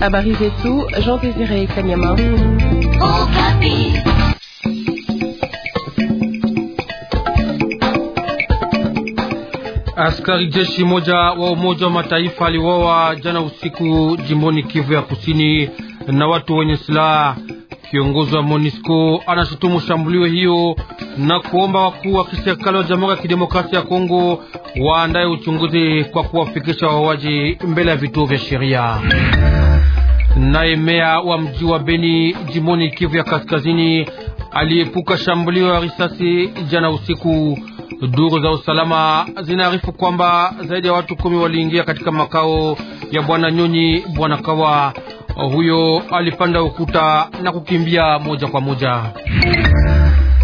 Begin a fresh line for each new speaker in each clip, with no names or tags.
Habari zetu Jean Désiré
Kanyama. Askari jeshi moja wa Umoja wa Mataifa aliwawa jana usiku jimboni Kivu ya Kusini na watu wenye silaha. Kiongozi wa MONUSCO anashutumu shambulio hiyo na kuomba wakuu wa kiserikali wa Jamhuri ya Kidemokrasia ya Kongo waandaye uchunguzi kwa kuwafikisha wauaji mbele ya vituo vya sheria. Naye meya wa mji wa Beni jimoni Kivu ya Kaskazini aliepuka shambulio ya risasi jana usiku. Duru za usalama zinaarifu kwamba zaidi ya watu kumi waliingia katika makao ya bwana Nyonyi bwana Kawa. Huyo alipanda ukuta na kukimbia moja kwa moja.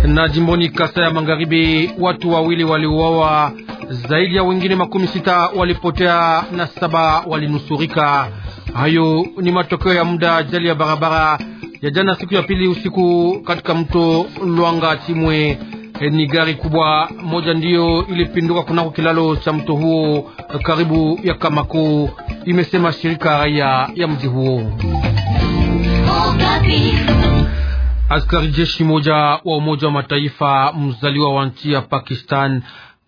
Na jimboni Kasa ya Magharibi, watu wawili waliuawa, zaidi ya wengine makumi sita walipotea na saba walinusurika. Hayo ni matokeo ya muda ajali ya barabara ya jana siku ya pili usiku katika mto Lwanga Chimwe. E, ni gari kubwa moja ndiyo ilipinduka kunako kilalo cha mto huo karibu ya Kamako, imesema shirika raia ya mji huo. Askari jeshi moja wa Umoja wa Mataifa mzaliwa wa nchi ya Pakistan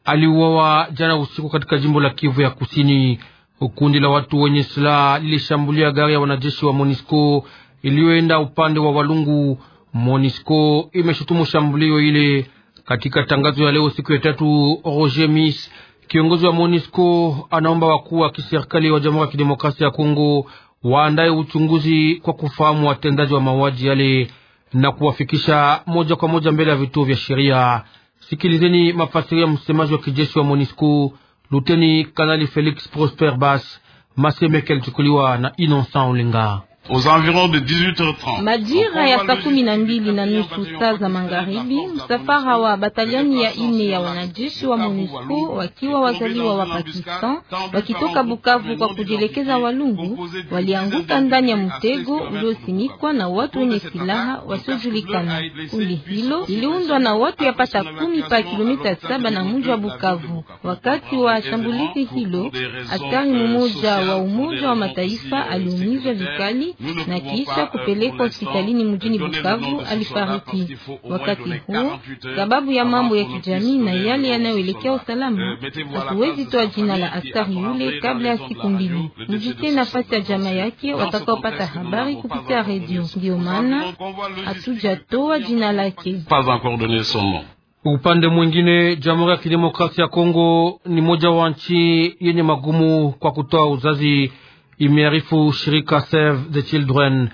aliuawa jana usiku katika jimbo la Kivu ya Kusini. Kundi la watu wenye silaha lilishambulia gari ya wanajeshi wa MONISCO iliyoenda upande wa Walungu. MONISCO imeshutumu shambulio ile. Katika tangazo ya leo siku ya tatu, Roger Mis, kiongozi wa MONISCO, anaomba wakuu wa kiserikali wa Jamhuri ya Kidemokrasia ya Kongo waandaye uchunguzi kwa kufahamu watendaji wa mauaji yale na kuwafikisha moja kwa moja mbele ya vituo vya sheria. Sikilizeni mafasiri ya msemaji wa kijeshi wa MONUSCO Luteni Kanali Felix Prosper Bas masemeke kilichukuliwa na Innocent Olinga.
Majira ya saa kumi na mbili na e nusu saa za magharibi, msafara wa batalioni ya ine ya wanajeshi wa MONUSCO wakiwa wazaliwa wa Pakistan wakitoka Bukavu kwa kujielekeza Walungu walianguka ndani ya mtego uliosimikwa na watu wenye silaha wasiojulikana. Kundi hilo liliundwa na watu yapata kumi pa kilomita saba na mji wa Bukavu. Wakati wa shambulizi hilo, askari euh, mmoja wa Umoja wa Mataifa aliumizwa vikali na kisha euh, kupelekwa hospitalini mjini Bukavu, alifariki. Wakati huo, sababu ya mambo ya kijamii na yale yanayoelekea usalama, euh, hatuwezi toa jina la askari yule kabla ya siku mbili. Mjitie nafasi ya jamaa yake watakaopata habari kupitia redio, ndio maana hatujatoa jina lake.
Upande mwingine, Jamhuri ya Kidemokrasia ya Kongo ni moja wa nchi yenye magumu kwa kutoa uzazi imearifu shirika Save the Children.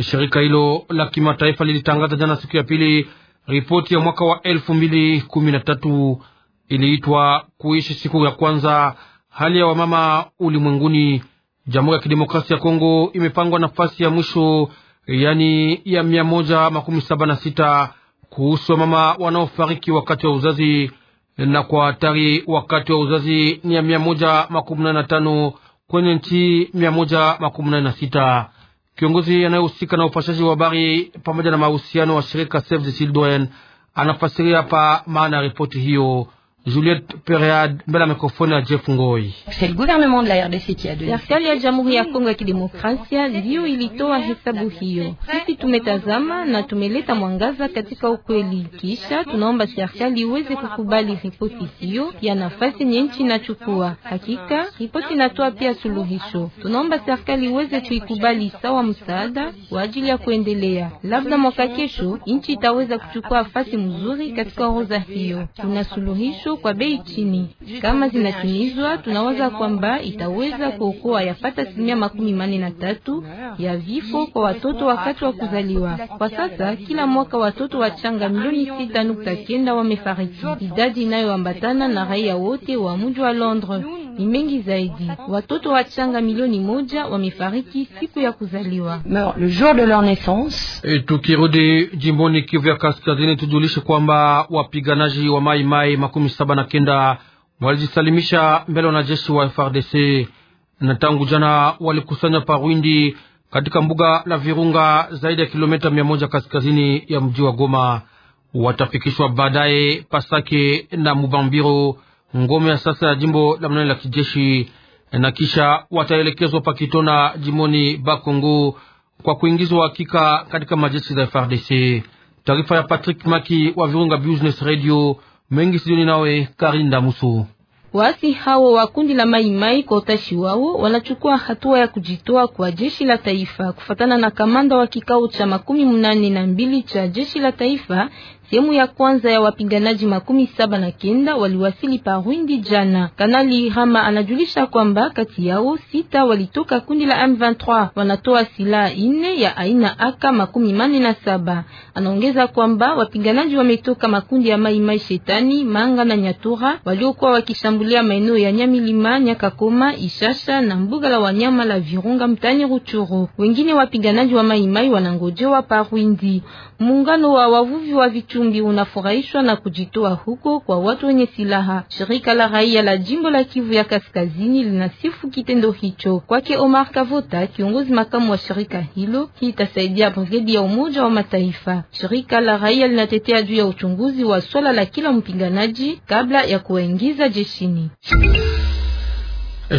Shirika hilo la kimataifa lilitangaza jana siku ya pili ripoti ya mwaka wa elfu mbili kumi na tatu iliitwa kuishi siku ya kwanza, hali ya wamama ulimwenguni. Jamhuri ya Kidemokrasia ya Kongo imepangwa nafasi ya mwisho, yani ya mia moja makumi saba na sita kuhusu wamama wanaofariki wakati wa uzazi, na kwa hatari wakati wa uzazi ni ya mia moja makumi nane na tano kwenye nchi mia moja makumi nane na sita. Kiongozi anayehusika na upashaji wa habari pamoja na mahusiano wa shirika Save the Children anafasiria hapa maana ya ripoti hiyo. Juliette Peread mbele ya mikrofoni ya Jeff Ngoi.
Serikali ya Jamhuri ya Kongo ya Kidemokrasia ndiyo ilitoa hesabu hiyo. Sisi tumetazama na tumeleta mwangaza katika ukweli, kisha tunaomba serikali iweze kukubali ripoti hiyo ya nafasi nye nchi inachukua. Hakika ripoti inatoa pia suluhisho. Tunaomba serikali iweze kuikubali sawa msaada kwa ajili ya kuendelea. Labda mwaka kesho nchi itaweza kuchukua nafasi mzuri katika orodha hiyo. Tuna suluhisho kwa bei chini. Kama zinatimizwa, tunawaza kwamba itaweza kuokoa yapata asilimia makumi mane na tatu ya vifo kwa watoto wakati wa kuzaliwa. Kwa sasa kila mwaka watoto wachanga milioni sita nukta kenda wamefariki, idadi inayoambatana na raia wote wa mji wa Londres ni mengi zaidi. Watoto wachanga milioni moja wamefariki siku ya kuzaliwa le jour de leur
naissance. E, tukirudi jimboni Kivu ya Kaskazini, tujulishe kwamba wapiganaji wa Mai Mai makumi saba na kenda walijisalimisha mbele wanajeshi wa frdc na tangu jana walikusanya Parwindi katika mbuga la Virunga, zaidi ya kilomita mia moja kaskazini ya mji wa Goma. Watafikishwa baadaye Pasake na Mubambiro ngome ya sasa ya jimbo la mnane la kijeshi, na kisha wataelekezwa Pakitona jimoni Bakongo kwa kuingizwa hakika katika majeshi za FRDC. Taarifa ya Patrick Maki wa Virunga Business Radio mengi sijoni nawe Karinda Musu.
Waasi hao wa kundi la Maimai kwa utashi wao wanachukua hatua ya kujitoa kwa jeshi la taifa kufatana na kamanda wa kikao cha makumi mnane na mbili cha jeshi la taifa Sehemu ya kwanza ya wapiganaji makumi saba na kenda waliwasili Parwindi jana. Kanali Hama anajulisha kwamba kati yao sita walitoka kundi la M23, wanatoa silaha ine ya aina AK makumi mane na saba. Anaongeza kwamba wapiganaji wametoka makundi ya Mai Shetani, Manga na Nyatura waliokuwa wakishambulia maeneo ya Nyamilima, Nyakakoma, Ishasha na mbuga la wanyama la Virunga mtani Ruchuru. Wengine wapiganaji wa Mai wanangojewa Rwindi. Muungano wa wavuvi wa vitu Ichungi unafurahishwa na kujitoa huko kwa watu wenye silaha. Shirika la raia la jimbo la Kivu ya Kaskazini linasifu kitendo hicho. Kwake Omar Kavota, kiongozi makamu wa shirika hilo, hii itasaidia brigedi ya Umoja wa Mataifa. Shirika la raia linatetea juu ya uchunguzi wa swala la kila mpiganaji kabla ya kuwaingiza jeshini.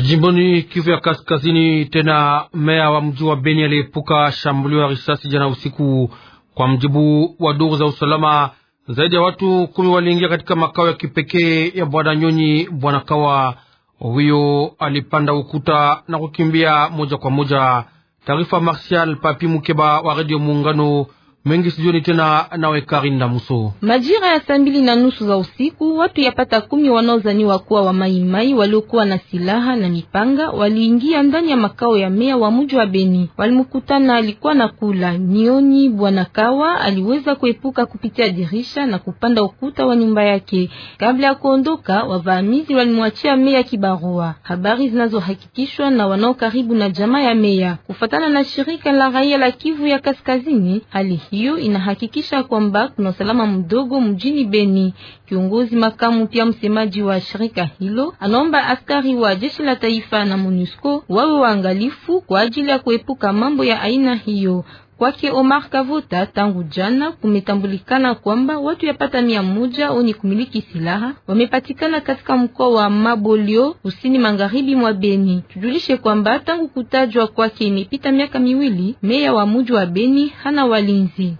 Jimboni Kivu ya Kaskazini, tena meya wa mji wa Beni aliepuka shambulio ya risasi jana usiku kwa mjibu wa duru za usalama, zaidi ya watu kumi waliingia katika makao ya kipekee ya bwana Nyonyi. Bwana Kawa huyo alipanda ukuta na kukimbia moja kwa moja. Taarifa Martial Papi Mukeba wa Redio Muungano mengi sijoni tena nawe Karinda Muso.
Majira ya saa mbili na nusu za usiku, watu yapata kumi wanaozaniwa kuwa wa maimai waliokuwa na silaha na mipanga waliingia ndani ya makao ya meya wa mji wa Beni. Walimkutana, alikuwa na kula nioni. Bwana Kawa aliweza kuepuka kupitia dirisha na kupanda ukuta wa nyumba yake. Kabla ya kuondoka, wavamizi walimwachia meya kibarua, habari zinazohakikishwa na wanao karibu na jamaa ya meya, kufatana na shirika la raia la Kivu ya Kaskazini hali hiyo inahakikisha kwamba kuna usalama mdogo mjini Beni. Kiongozi makamu pia msemaji wa shirika hilo anaomba askari wa jeshi la taifa na MONUSCO wawe waangalifu kwa ajili ya kuepuka mambo ya aina hiyo. Kwake Omar Kavuta, tangu jana kumetambulikana kwamba watu yapata mia moja wenye kumiliki silaha wamepatikana katika mkoa wa Mabolio kusini magharibi mwa Beni. Tujulishe kwamba tangu kutajwa kwake imepita miaka miwili, meya wa mji wa Beni hana walinzi.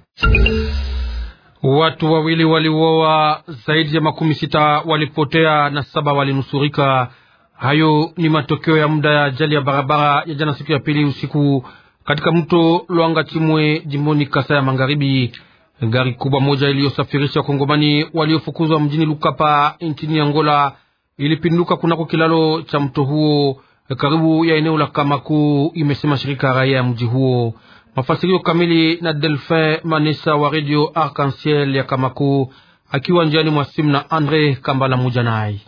Watu wawili waliuawa, zaidi ya makumi sita walipotea na saba walinusurika. Hayo ni matokeo ya muda ya ajali ya barabara ya jana siku ya pili usiku katika mto Lwanga Chimwe jimboni Kasa ya Magharibi. Gari kubwa moja iliyosafirisha wakongomani waliofukuzwa mjini Lukapa nchini Angola ilipinduka kunako kilalo cha mto huo karibu ya eneo la Kamaku, imesema shirika raia ya mji huo. Mafasirio kamili na Delfin Manesa wa Radio Arc-en-Ciel ya Kamaku akiwa njiani mwa simu na Andre Kambala muja naye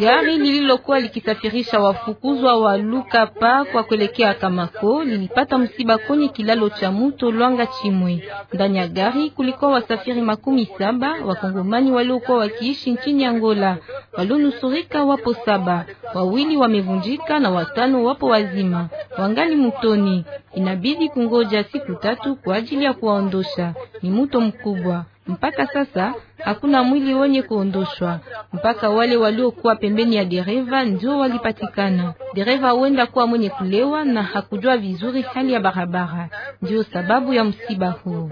gari lililokuwa likisafirisha wafukuzwa wa Lukapa kwa kuelekea Kamako lilipata msiba kwenye kilalo cha Muto Lwanga Chimwe. Ndani ya gari kulikuwa wasafiri makumi saba Wakongomani waliokuwa wakiishi nchini Angola. Walionusurika wapo saba, wawili wamevunjika na watano wapo wazima, wangali mutoni. Inabidi kungoja siku tatu kwa ajili ya kuwaondosha. Ni muto mkubwa mpaka sasa hakuna mwili wenye kuondoshwa mpaka wale waliokuwa pembeni ya dereva ndio walipatikana. Dereva huenda kuwa mwenye kulewa na hakujua vizuri hali ya barabara, ndio sababu ya msiba huu.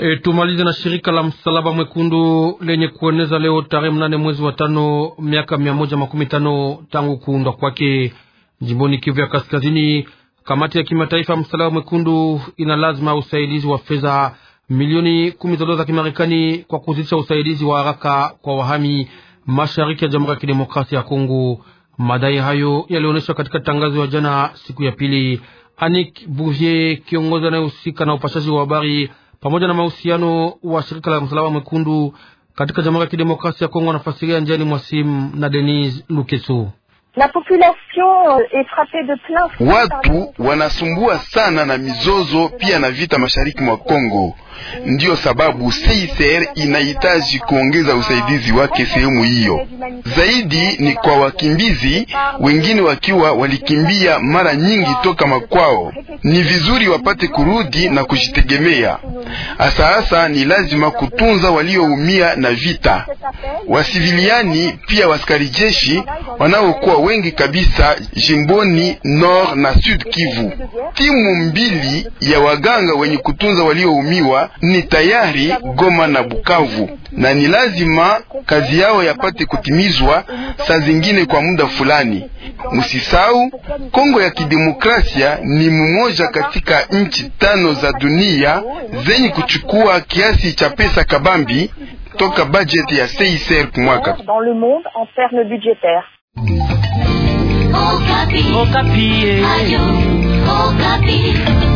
E, tumalize na shirika la Msalaba Mwekundu lenye kueneza leo tarehe mnane mwezi wa tano miaka mia moja makumi tano tangu kuundwa kwake jimboni Kivu ya Kaskazini. Kamati ya kimataifa ya Msalaba Mwekundu ina lazima usaidizi wa fedha milioni kumi za dola za Kimarekani kwa kuzidisha usaidizi wa haraka kwa wahami mashariki ya Jamhuri ya Kidemokrasia ya Kongo. Madai hayo yalionyeshwa katika tangazo ya jana siku ya pili. Anik Bouvier, kiongozi anayehusika na upashaji wa habari pamoja na mahusiano wa shirika la Msalaba Mwekundu katika Jamhuri ya Kidemokrasia ya Kongo, anafasiria njiani mwasim na Denise Lukeso
na population euh, est frappée de plein
watu wanasumbua sana
na mizozo pia na vita mashariki mwa Kongo. Ndiyo sababu CICR inahitaji kuongeza usaidizi wake sehemu hiyo. Zaidi ni kwa wakimbizi wengine, wakiwa walikimbia mara nyingi toka makwao, ni vizuri wapate kurudi na kujitegemea. asaasa ni lazima kutunza walioumia na vita, wasiviliani pia waskari jeshi wanaokuwa wengi kabisa jimboni Nord na Sud Kivu. Timu mbili ya waganga wenye kutunza walioumiwa ni tayari Goma na Bukavu, na ni lazima kazi yao yapate kutimizwa saa zingine kwa muda fulani. Msisau, Kongo ya Kidemokrasia ni mmoja katika nchi tano za dunia zenye kuchukua kiasi cha pesa kabambi toka bajeti ya CICR kumwaka. Dans le monde
en termes budgétaires.
Okapi. Okapi. Eh.